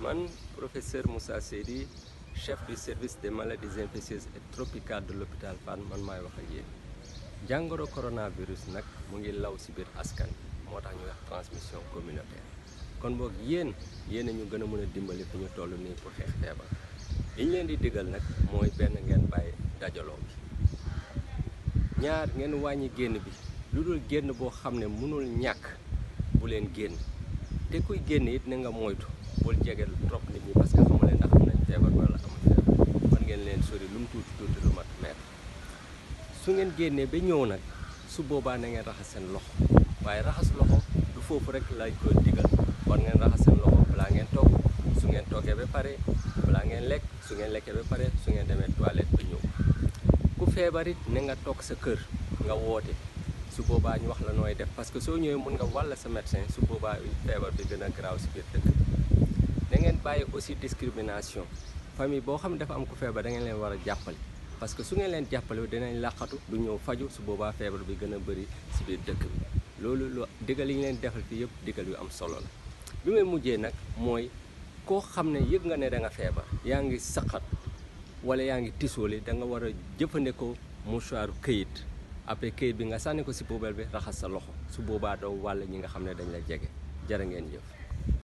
man professeur Moussa Seydi chef du service des maladies infectieuses et tropicales de l'hôpital Fann man maay wax ak yéen jàngoro coronavirus nag mu ngi law si biir askan moo tax ñu wax transmission communautaire kon boog yéen yéen a ñu gën a mën a dimbali fi ñu toll nii pour xeex feebar li ñu leen di digal nag mooy benn ngeen bàyyi dajaloo bi ñaar ngeen wàññi génn bi lu dul génn boo xam ne mënul ñàkk bu leen génn te kuy génn it na nga moytu bul jege trop nit ñi parce que xamu leen ndax am nañ feebar wala amul feebar mën ngeen leen sori lu mu tuuti tuuti lu mat mètre su ngeen génnee ba ñëw nag su boobaa na ngeen raxas seen loxo waaye raxas loxo du foofu rek lañ koy digal war ngeen raxas seen loxo balaa ngeen toog su ngeen toogee ba pare balaa ngeen lekk su ngeen lekkee ba pare su ngeen demee toilette ba ñëw ku feebar it ne nga toog sa kër nga woote su boobaa ñu wax la nooy def parce que soo ñëwee mun nga wàll sa médecin su boobaa feebar bi gën a garaaw si biir da ngeen bàyyi aussi discrimination famille boo xam ne dafa am ko feebar da ngeen leen war a jàppale parce que su ngeen leen jàppale dinañ làqatu du ñëw faju su boobaa feebar bi gën a bëri si biir dëkk bi loolu lu digal yi leen defal fii yëpp digal yu am solo la bi may mujjee nag mooy koo xam ne yëg nga ne da nga feebar yaa ngi saqat wala yaa ngi tisooli da nga war a jëfandikoo mouchoiru këyit après këyit bi nga sànni ko si poubelle bi raxas sa loxo su boobaa doo wàll ñi nga xam ne dañ la jege jërë ngeen jëf